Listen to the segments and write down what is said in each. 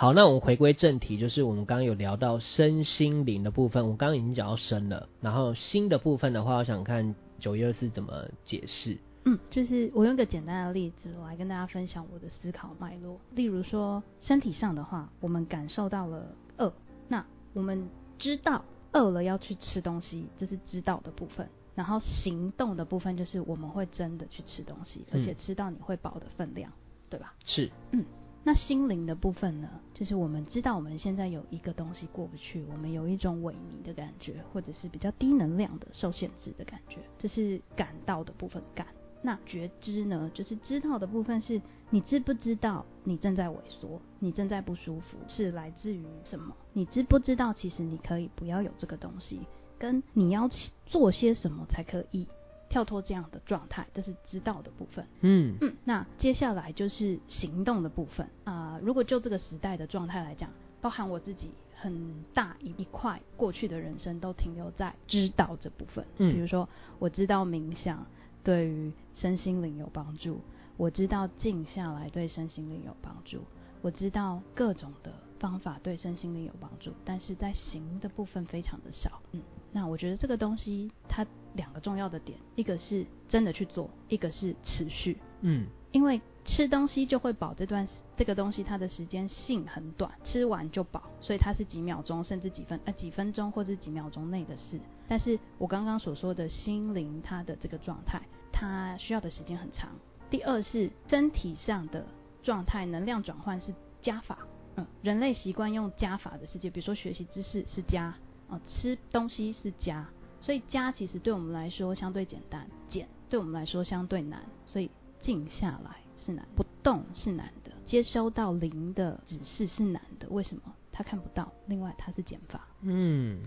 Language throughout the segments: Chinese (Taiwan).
好，那我們回歸正題，就是我們剛剛有聊到身心靈的部分。我剛剛已經講到身了，然後心的部分的話，我想看九一二四怎麼解釋。嗯，就是我用一個簡單的例子我來跟大家分享我的思考脈絡。例如說，身體上的話，我們感受到了餓，那我們知道餓了要去吃東西，這、就是知道的部分。然後行動的部分就是我們會真的去吃東西，嗯、而且吃到你會飽的分量，對吧？是，嗯。那心靈的部分呢，就是我們知道我們現在有一個東西過不去，我們有一種萎靡的感覺，或者是比較低能量的、受限制的感覺，這、就是感到的部分感。那覺知呢，就是知道的部分是，是你知不知道你正在萎縮，你正在不舒服，是來自於什麼？你知不知道其實你可以不要有這個東西，跟你要做些什麼才可以？跳脫這樣的狀態，這是知道的部分。嗯嗯，那接下來就是行動的部分啊、呃。如果就這個時代的狀態來講，包含我自己很大一塊過去的人生都停留在知道這部分。嗯，比如說我知道冥想對於身心靈有幫助，我知道靜下來對身心靈有幫助，我知道各種的。方法對身心靈有幫助，但是在行的部分非常的少。嗯，那我覺得這個東西它兩個重要的點，一個是真的去做，一個是持續。嗯，因為吃東西就會飽，這段這個東西它的時間性很短，吃完就飽，所以它是幾秒鐘甚至幾分啊幾分鐘或者幾秒鐘內的事。但是我剛剛所說的心靈它的這個狀態，它需要的時間很長。第二是身體上的狀態，能量轉換是加法。嗯，人類習慣用加法的世界，比如說學習知識是加，啊、嗯，吃東西是加，所以加其實對我們來說相對簡單，減對我們來說相對難，所以靜下來是難，不動是難的，接收到零的指示是難的，為什麼？他看不到，另外他是減法。嗯，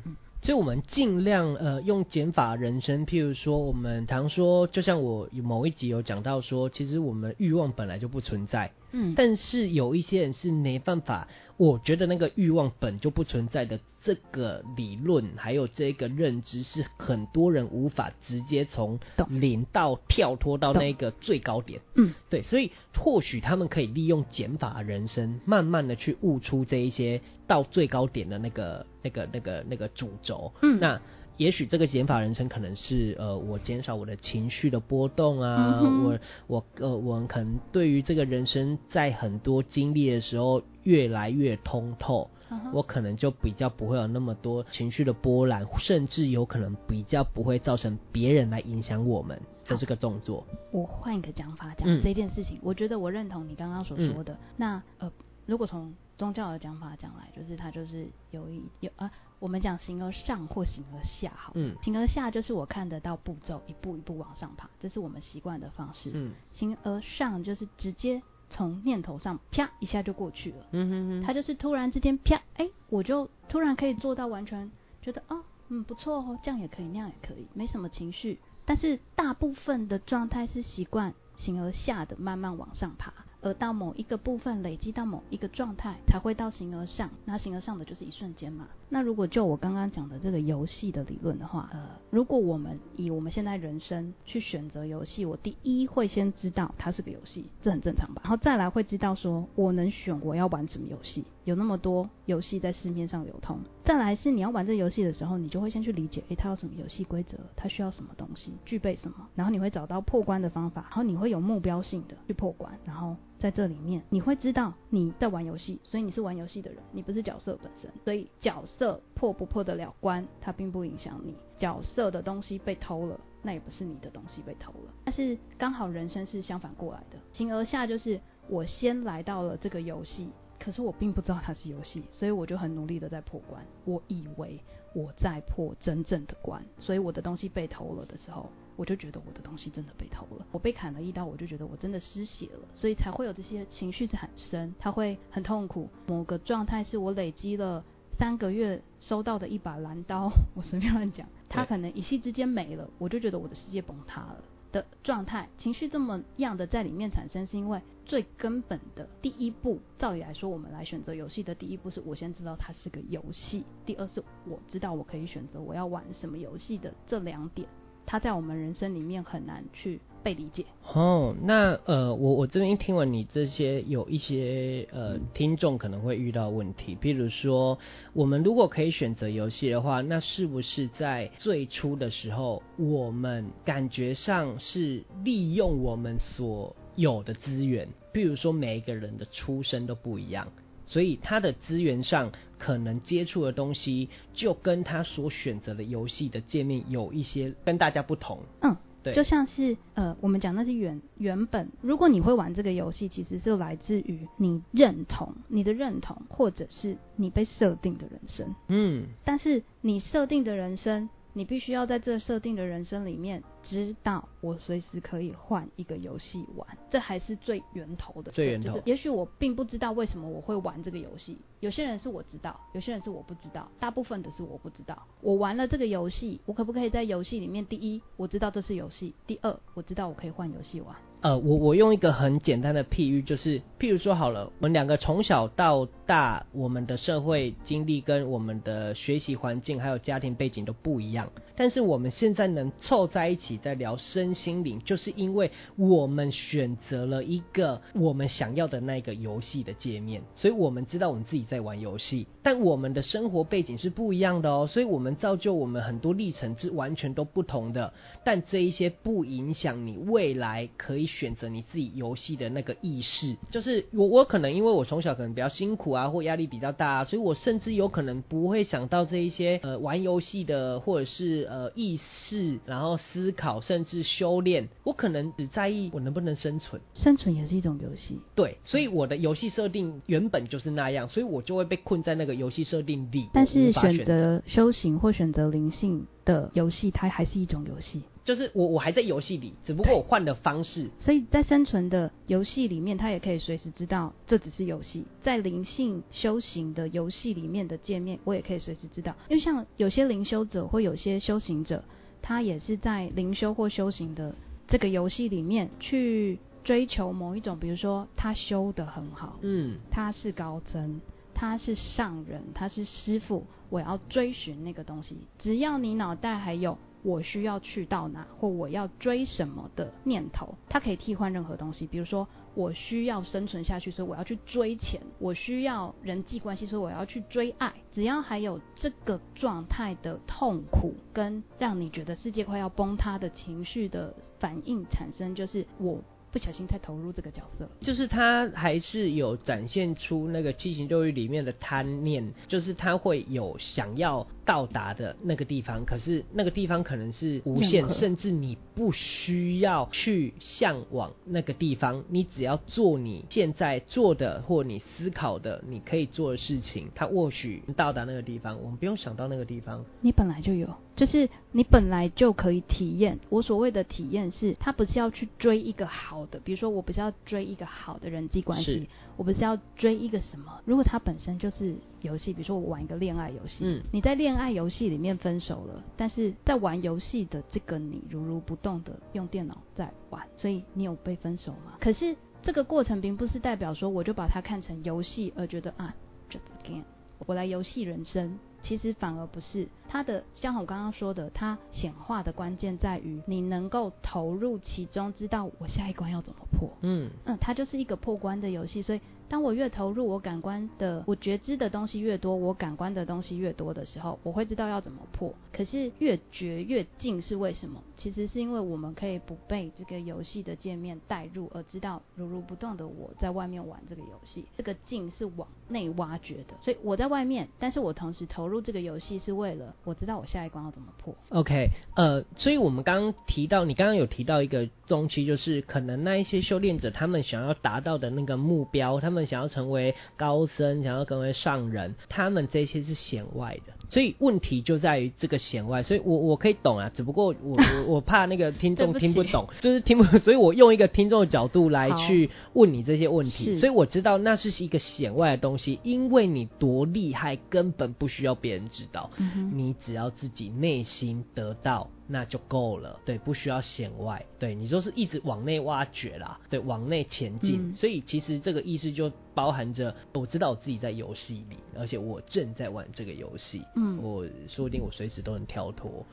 所以我們儘量呃用減法人生，譬如說我們常說，就像我某一集有講到說，其實我們慾望本來就不存在。嗯，但是有一些人是沒辦法，我覺得那個慾望本就不存在的這個理論，還有這個認知，是很多人無法直接從零到跳脫到那個最高點。嗯，對，所以或許他們可以利用減法人生，慢慢的去悟出這一些到最高點的那個、那個、那個、那個主軸。嗯，那。也許這個減法人生可能是呃，我減少我的情緒的波動啊，嗯、我我呃，我們可能對於這個人生在很多經歷的時候越來越通透，嗯，我可能就比較不會有那麼多情緒的波瀾，甚至有可能比較不會造成別人來影響我們。這是個動作。我換一個講法講這件事情，嗯，我覺得我認同你剛剛所說的。嗯、那呃，如果從宗教的講法講來，就是它就是有一有啊，我們講形而上或形而下好，好、嗯，形而下就是我看得到步驟，一步一步往上爬，這是我們習慣的方式，嗯、形而上就是直接從念頭上啪一下就過去了，嗯哼哼，它就是突然之間啪，哎、欸，我就突然可以做到完全覺得啊、哦，嗯，不錯哦，這樣也可以，那樣也可以，沒什麼情緒，但是大部分的狀態是習慣形而下的慢慢往上爬。而到某一個部分累積到某一個狀態，才會到形而上。那形而上的就是一瞬間嘛。那如果就我剛剛講的這個遊戲的理論的話，呃，如果我們以我們現在人生去選擇遊戲，我第一會先知道它是個遊戲，這很正常吧？然後再來會知道說我能選我要玩什麼遊戲。有那麼多遊戲在市面上流通。再來是你要玩這遊戲的時候，你就會先去理解，誒、欸，它有什麼遊戲規則，它需要什麼東西，具備什麼，然後你會找到破關的方法，然後你會有目標性的去破關。然後在這裡面，你會知道你在玩遊戲，所以你是玩遊戲的人，你不是角色本身。所以角色破不破得了關，它並不影響你。角色的東西被偷了，那也不是你的東西被偷了。但是剛好人生是相反過來的。形而下就是我先來到了這個遊戲。可是我並不知道它是遊戲，所以我就很努力的在破關。我以為我在破真正的關，所以我的東西被偷了的時候，我就覺得我的東西真的被偷了。我被砍了一刀，我就覺得我真的失血了，所以才會有這些情緒產生。它會很痛苦。某個狀態是我累積了三個月收到的一把藍刀，我隨便亂講，它可能一夕之間沒了，我就覺得我的世界崩塌了。的狀態、情緒這麼樣的在裡面產生，是因為最根本的第一步，照理來說，我們來選擇遊戲的第一步是我先知道它是個遊戲，第二是我知道我可以選擇我要玩什麼遊戲的這兩點，它在我們人生裡面很難去被理解哦，oh, 那呃，我我這邊聽完你這些，有一些呃，聽眾可能會遇到問題。比如說，我們如果可以選擇遊戲的話，那是不是在最初的時候，我們感覺上是利用我們所有的資源？譬如說，每一個人的出身都不一樣，所以他的資源上可能接觸的東西，就跟他所選擇的遊戲的界面有一些跟大家不同。嗯。就像是呃，我們講那些原原本，如果你會玩這個遊戲，其實是來自於你認同你的認同，或者是你被設定的人生。嗯，但是你設定的人生。你必須要在這設定的人生裡面，知道我隨時可以換一個遊戲玩，這還是最源頭的。最源頭。就是、也許我並不知道為什麼我會玩這個遊戲，有些人是我知道，有些人是我不知道，大部分的是我不知道。我玩了這個遊戲，我可不可以在遊戲裡面？第一，我知道這是遊戲；第二，我知道我可以換遊戲玩。呃，我我用一個很簡單的譬喻，就是譬如說，好了，我們兩個從小到大，我們的社會經歷跟我們的學習環境還有家庭背景都不一樣，但是我們現在能湊在一起在聊身心靈，就是因為我們選擇了一個我們想要的那個遊戲的界面，所以我們知道我們自己在玩遊戲，但我們的生活背景是不一樣的哦、喔，所以我們造就我們很多歷程是完全都不同的，但這一些不影響你未來可以。選擇你自己遊戲的那個意識，就是我我可能因為我從小可能比較辛苦啊，或壓力比較大啊，所以我甚至有可能不會想到這一些呃玩遊戲的或者是呃意識，然後思考甚至修煉，我可能只在意我能不能生存，生存也是一種遊戲。對，所以我的遊戲設定原本就是那樣，所以我就會被困在那個遊戲設定裡。但是選擇修行或選擇靈性。的遊戲，它還是一種遊戲，就是我我還在遊戲裡，只不過我換了方式。所以在生存的遊戲裡面，他也可以隨時知道這只是遊戲。在靈性修行的遊戲裡面的界面，我也可以隨時知道。因為像有些靈修者或有些修行者，他也是在靈修或修行的這個遊戲裡面去追求某一種，比如說他修得很好，嗯，他是高僧。他是上人，他是師父，我要追尋那個東西。只要你腦袋還有我需要去到哪，或我要追什麼的念頭，它可以替換任何東西。比如說，我需要生存下去，所以我要去追錢；我需要人際關係，所以我要去追愛。只要還有這個狀態的痛苦跟讓你覺得世界快要崩塌的情緒的反應產生，就是我。不小心太投入這個角色，就是他還是有展現出那個七情六慾裡面的貪念，就是他會有想要。到達的那個地方，可是那個地方可能是無限，甚至你不需要去嚮往那個地方，你只要做你現在做的或你思考的，你可以做的事情，它或許到達那個地方。我們不用想到那個地方，你本來就有，就是你本來就可以體驗。我所謂的體驗是，他不是要去追一個好的，比如說我不是要追一個好的人際關係，我不是要追一個什麼，如果它本身就是。遊戲，比如說我玩一個戀愛遊戲，嗯，你在戀愛遊戲裡面分手了，但是在玩遊戲的這個你如如不動的用電腦在玩，所以你有被分手嗎？可是這個過程並不是代表說我就把它看成遊戲而覺得啊，just again，我來遊戲人生。其實反而不是，它的，像我剛剛說的，它顯化的關鍵在於你能夠投入其中，知道我下一關要怎麼破。嗯，嗯，它就是一個破關的遊戲。所以，當我越投入，我感官的，我覺知的東西越多，我感官的東西越多的時候，我會知道要怎麼破。可是越覺越靜是為什麼？其實是因為我們可以不被這個遊戲的界面帶入，而知道如如不動的我在外面玩這個遊戲。這個靜是往內挖掘的，所以我在外面，但是我同時投入。入這個遊戲是為了我知道我下一關要怎麼破。OK，呃，所以我們剛剛提到，你剛剛有提到一個中期，就是可能那一些修煉者他們想要達到的那個目標，他們想要成為高僧，想要成為上人，他們這些是顯外的。所以問題就在於這個顯外，所以我我可以懂啊，只不過我我，我怕那個聽眾聽不懂， 不就是聽不懂，所以我用一個聽眾的角度來去問你這些問題，所以我知道那是一個顯外的東西，因為你多厲害，根本不需要。別人知道、嗯，你只要自己內心得到那就夠了，對，不需要顯外，對，你就是一直往內挖掘啦，對，往內前進、嗯，所以其實這個意思就包含着，我知道我自己在遊戲裡，而且我正在玩這個遊戲，嗯，我說不定我隨時都能跳脫。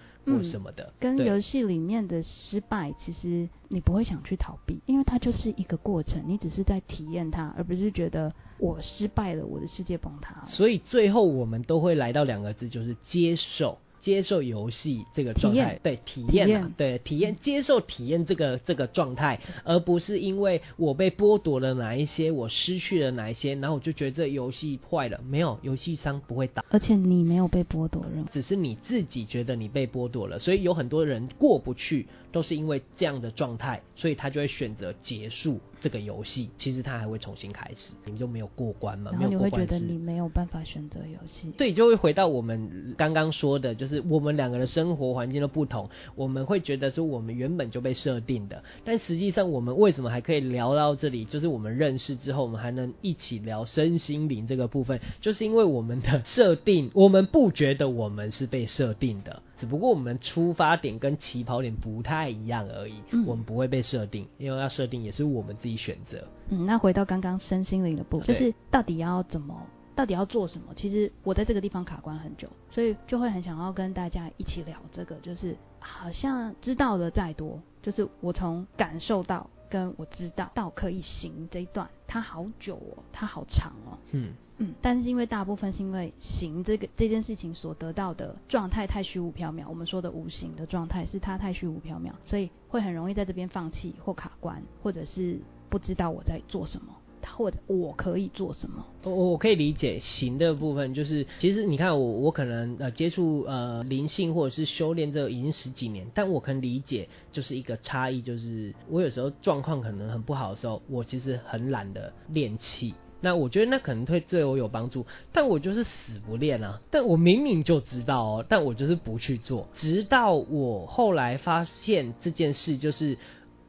什麼的，跟遊戲裡面的失敗，其實你不會想去逃避，因為它就是一個過程，你只是在體驗它，而不是覺得我失敗了，我的世界崩塌。所以最後我們都會來到兩個字，就是接受。接受遊戲這個狀態，對體驗嘛，對體驗接受體驗這個這個狀態，而不是因為我被剝奪了哪一些，我失去了哪一些，然後我就覺得這遊戲壞了。沒有，遊戲商不會打。而且你沒有被剝奪，只是你自己覺得你被剝奪了，所以有很多人過不去。都是因為這樣的狀態，所以他就會選擇結束這個遊戲。其實他還會重新開始，你就沒有過關嘛？然後你會覺得你沒有辦法選擇遊戲，所以就會回到我們剛剛說的，就是我們兩個的生活環境的不同，我們會覺得是我們原本就被設定的。但實際上，我們為什麼還可以聊到這裡？就是我們認識之後，我們還能一起聊身心靈這個部分，就是因為我們的設定，我們不覺得我們是被設定的。只不過我們出發點跟起跑點不太一樣而已，嗯、我們不會被設定，因為要設定也是我們自己選擇。嗯，那回到剛剛身心靈的部分，Okay. 就是到底要怎麼，到底要做什麼？其實我在這個地方卡關很久，所以就會很想要跟大家一起聊這個。就是好像知道的再多，就是我從感受到。跟我知道道可以行這一段，它好久哦，它好長哦，嗯嗯，但是因為大部分是因為行這個這件事情所得到的狀態太虛無縹緲，我們說的無形的狀態是它太虛無縹緲，所以會很容易在這邊放棄或卡關，或者是不知道我在做什麼。或者我可以做什麼？我我可以理解行的部分，就是其實你看我，我可能呃接觸呃靈性或者是修煉這已經十幾年，但我可能理解，就是一個差異，就是我有時候狀況可能很不好的時候，我其實很懶得練氣，那我覺得那可能會對我有幫助，但我就是死不練啊，但我明明就知道哦、喔，但我就是不去做，直到我後來發現這件事就是。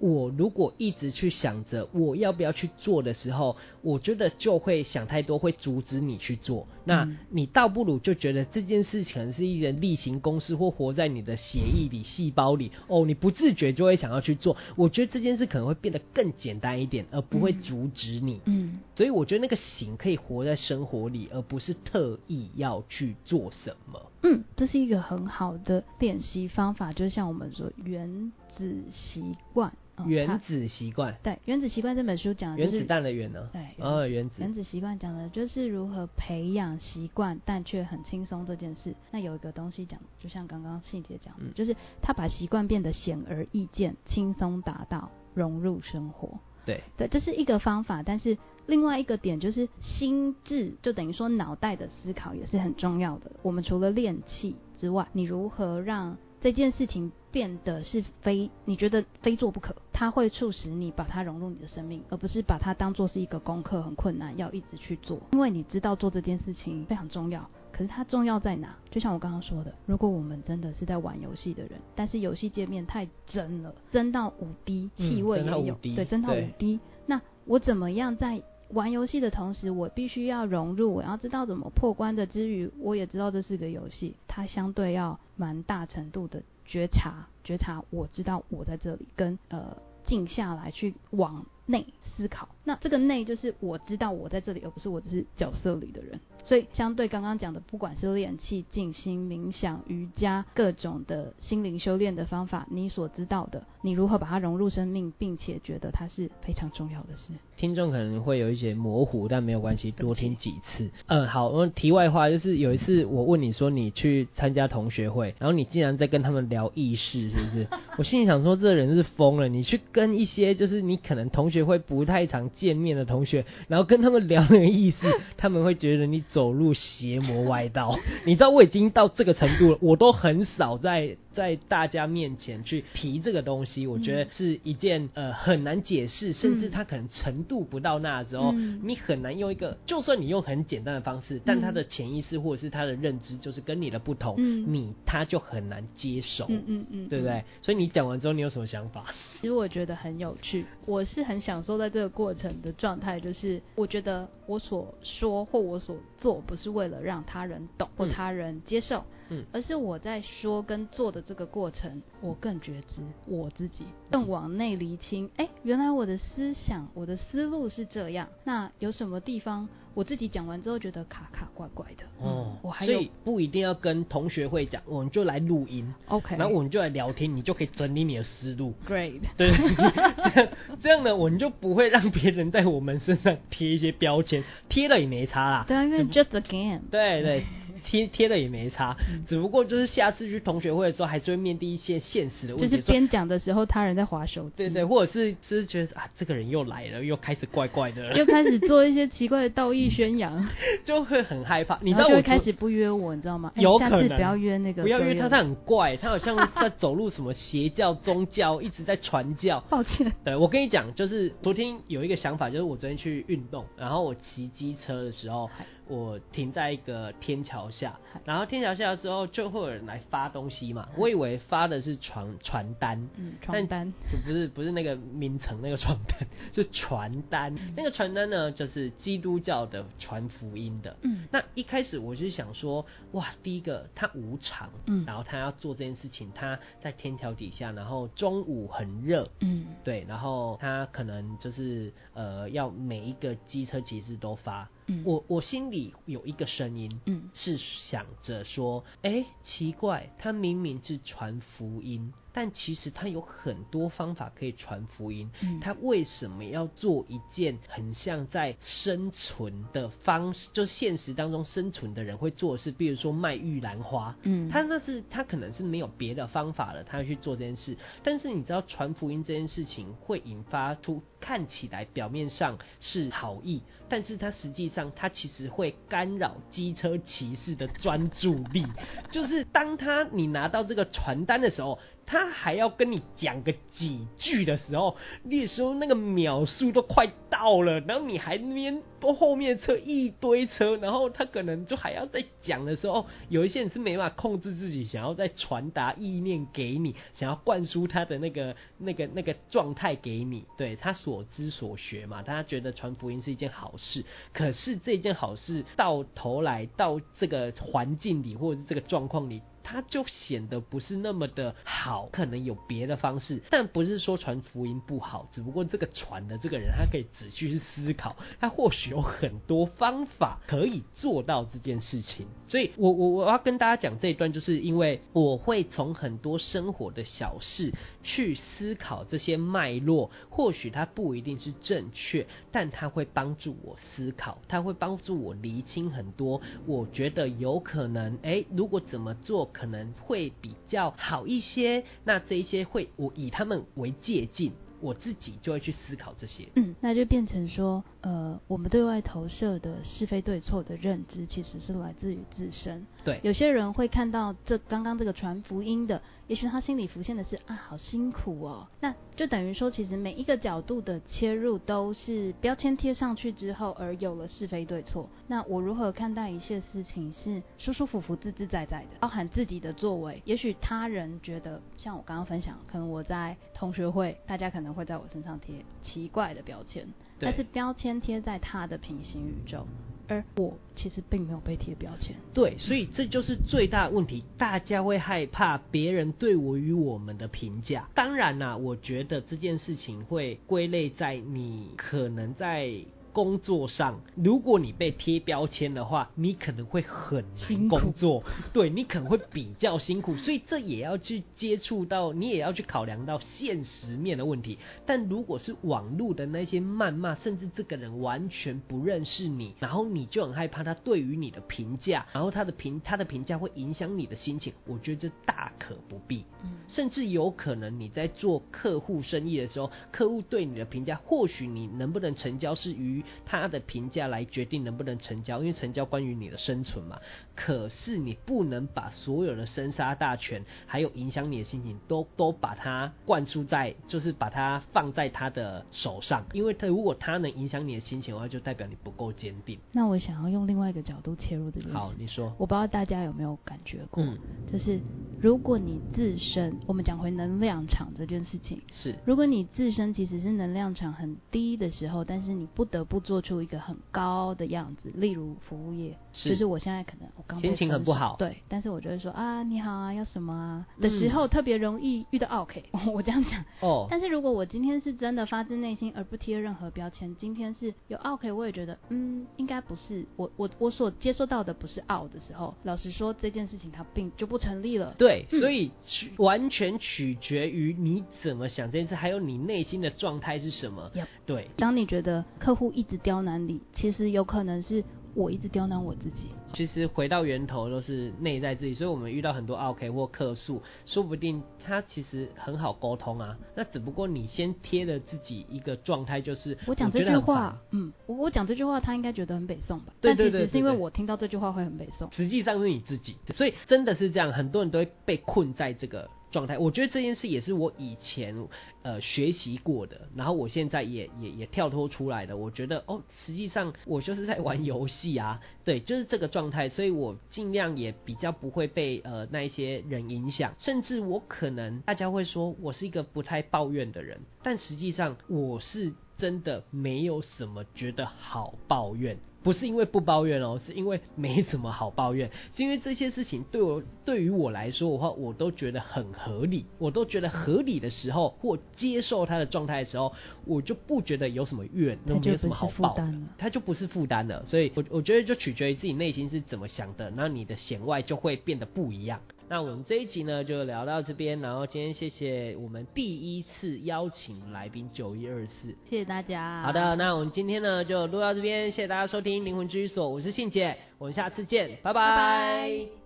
我如果一直去想着我要不要去做的時候，我覺得就會想太多，會阻止你去做。那你倒不如就覺得這件事情可能是一個例行公事，或活在你的血液裡、細胞裡。哦，你不自覺就會想要去做。我覺得這件事可能會變得更簡單一點，而不會阻止你。嗯，嗯，所以我覺得那個行可以活在生活裡，而不是特意要去做什麼。嗯，這是一個很好的練習方法。就是像我們說原。子習慣，原子習慣，對，原子習慣這本書講、就是、原子彈的原呢？對，原子、哦、原子習慣講的就是如何培養習慣，但卻很輕鬆這件事。那有一個東西講，就像剛剛細節講的、嗯，就是他把習慣變得顯而易見、輕鬆達到、融入生活。對，對，這是一個方法，但是另外一個點就是心智，就等於說腦袋的思考也是很重要的。我們除了練氣之外，你如何讓這件事情？變得是非，你覺得非做不可，它會促使你把它融入你的生命，而不是把它當做是一個功課，很困難要一直去做。因為你知道做這件事情非常重要，可是它重要在哪？就像我剛剛說的，如果我們真的是在玩遊戲的人，但是遊戲界面太真了，真到五 D 氣味也有對、嗯、真到五 D，那我怎麼樣在玩遊戲的同時，我必須要融入，我要知道怎麼破關的之餘，我也知道這是個遊戲，它相對要蠻大程度的。覺察，覺察，我知道我在這裡，跟呃，靜下來去往內思考。那這個內就是我知道我在這裡，而不是我只是角色裡的人。所以，相對剛剛講的，不管是練氣、靜心、冥想、瑜伽，各種的心靈修煉的方法，你所知道的，你如何把它融入生命，並且覺得它是非常重要的事。聽眾可能會有一些模糊，但沒有關係，多聽幾次。嗯，好。我們題外話就是，有一次我問你說，你去參加同學會，然後你竟然在跟他們聊意識，是不是？ 我心裡想說，這個人是瘋了。你去跟一些就是你可能同學會不太常見面的同學，然後跟他們聊那個意識， 他們會覺得你。走入邪魔歪道， 你知道我已經到這個程度了，我都很少在。在大家面前去提這個東西，我覺得是一件呃很難解釋，嗯，甚至他可能程度不到那時候，嗯，你很難用一個，就算你用很簡單的方式，但他的潛意識或者是他的認知就是跟你的不同，嗯，你他就很難接受，嗯嗯，對不對？所以你講完之後，你有什麼想法？其實我覺得很有趣，我是很享受在這個過程的狀態，就是我覺得我所說或我所做不是為了讓他人懂或他人接受，嗯，而是我在說跟做的。這個過程，我更覺知我自己，更往內釐清。哎、欸，原來我的思想，我的思路是這樣。那有什麼地方，我自己講完之後覺得卡卡、怪怪的。哦、嗯，我還所以不一定要跟同學會講，我們就來錄音。OK，那我們就來聊天，你就可以整理你的思路。Great，對，這樣， 這樣呢，我們就不會讓別人在我們身上貼一些標籤，貼了也沒差啦。對啊，因為 just again 對對。對 貼貼了也沒差、嗯，只不過就是下次去同學會的時候，還是會面對一些現實的問題。就是邊講的時候，他人在滑手。對,對對，或者是就是覺得啊，這個人又來了，又開始怪怪的了，又開始做一些奇怪的道義宣揚， 就會很害怕。你知道我開始不約我，你知道嗎？有可能下次不要約那個，不要約他，他很怪，他好像在走入什麼邪教 宗教，一直在傳教。抱歉，對，我跟你講，就是昨天有一個想法，就是我昨天去運動，然後我騎機車的時候。我停在一個天橋下，然後天橋下的時候就會有人來發東西嘛。我以為發的是傳傳單，傳單、嗯、傳單就不是不是那個名稱那個傳單，就傳單、嗯。那個傳單呢，就是基督教的傳福音的、嗯。那一開始我就想說，哇，第一個他無償，嗯，然後他要做這件事情，他在天橋底下，然後中午很熱，嗯，對，然後他可能就是呃，要每一個機車騎士都發。我我心裡有一個聲音，是想着說：“哎、欸，奇怪，他明明是傳福音。”但其實他有很多方法可以傳福音。他為什麼要做一件很像在生存的方式？就現實當中生存的人會做的事，比如說賣玉蘭花。嗯，他那是他可能是沒有別的方法了，他要去做這件事。但是你知道，傳福音這件事情會引發出看起來表面上是好意，但是他實際上他其實會干擾機車騎士的專注力。就是當他你拿到這個傳單的時候。他還要跟你講個幾句的時候，那時候那個秒數都快到了，然後你還連後面車一堆車，然後他可能就還要再講的時候，有一些人是沒辦法控制自己，想要再傳達意念給你，想要灌輸他的那個、那個、那個狀態給你，對，他所知所學嘛，他覺得傳福音是一件好事，可是這件好事到頭來到這個環境裡或者是這個狀況裡。他就顯得不是那麼的好，可能有別的方式，但不是說傳福音不好，只不過這個傳的這個人，他可以仔細去思考，他或許有很多方法可以做到這件事情。所以我我我要跟大家講這一段，就是因為我會從很多生活的小事去思考這些脈絡，或許它不一定是正確，但它會幫助我思考，它會幫助我釐清很多。我覺得有可能，哎、欸，如果怎麼做。可能會比較好一些，那這一些會我以他們為借鏡，我自己就會去思考這些。嗯，那就變成說，呃，我們對外投射的是非對錯的認知，其實是來自於自身。對，有些人會看到這剛剛這個傳福音的，也許他心裡浮現的是啊，好辛苦哦。那就等於說，其實每一個角度的切入都是標籤貼上去之後，而有了是非對錯。那我如何看待一切事情是舒舒服服、自自在在的，包含自己的作為。也許他人覺得，像我剛剛分享，可能我在同學會，大家可能會在我身上貼奇怪的標籤，但是標籤貼在他的平行宇宙。而我其實並沒有被貼標籤，對，所以這就是最大的問題。大家會害怕別人對我與我們的評價。當然啦、啊，我覺得這件事情會歸類在你可能在。工作上，如果你被貼標籤的話，你可能會很辛苦工作，對你可能會比較辛苦，所以這也要去接觸到，你也要去考量到現實面的問題。但如果是網絡的那些謾罵，甚至這個人完全不認識你，然後你就很害怕他對於你的評價，然後他的評他的評價會影響你的心情，我覺得這大可不必。嗯，甚至有可能你在做客戶生意的時候，客戶對你的評價，或許你能不能成交是與他的評價來決定能不能成交，因為成交關於你的生存嘛。可是你不能把所有的生殺大權，還有影響你的心情都，都都把它灌輸在，就是把它放在他的手上。因為他如果他能影響你的心情的話，話就代表你不夠堅定。那我想要用另外一個角度切入這個，好，你說。我不知道大家有沒有感覺過，嗯，就是。如果你自身，我們講回能量場這件事情，是。如果你自身其實是能量場很低的時候，但是你不得不做出一個很高的樣子，例如服務業，是。就是我現在可能我剛心情很不好，對，但是我就會說啊，你好啊，要什麼啊、嗯、的時候，特別容易遇到奧客。我這樣講哦。但是如果我今天是真的發自內心而不貼任何標籤，今天是有奧客，我也覺得嗯，應該不是我我我所接收到的不是奧的時候，老實說這件事情它並就不成立了。對。對嗯、所以，完全取決於你怎麼想這件事，還有你內心的狀態是什麼。對，當你覺得客戶一直刁難你，其實有可能是。我一直刁難我自己。其實回到源頭都是內在自己，所以我們遇到很多 OK 或客訴，說不定他其實很好溝通啊。那只不過你先貼了自己一個狀態，就是我講這句話，嗯，我講這句話，他應該覺得很北宋吧，對對對對對對對？但其實是因為我聽到這句話會很北宋。實際上是你自己，所以真的是這樣，很多人都會被困在這個。狀態，我覺得這件事也是我以前呃學習過的，然後我現在也也也跳脫出來的。我覺得哦，實際上我就是在玩遊戲啊，對，就是這個狀態，所以我盡量也比較不會被呃那一些人影響，甚至我可能大家會說我是一個不太抱怨的人，但實際上我是，真的沒有什麼覺得好抱怨，不是因為不抱怨哦、喔，是因為沒什麼好抱怨，是因為這些事情對我對於我來說的話，我都覺得很合理，我都覺得合理的時候或接受他的狀態的時候，我就不覺得有什麼怨，都沒有什麼好抱，他就不是負擔了，了。所以我，我我覺得就取決於自己內心是怎麼想的，那你的弦外就會變得不一樣。那我們這一集呢，就聊到這邊，然後今天謝謝我們第一次邀請來賓九一二四，謝謝大家。好的，那我們今天呢，就錄到這邊，謝謝大家收聽靈魂治癒所，我是信姐，我們下次見，拜拜。Bye bye。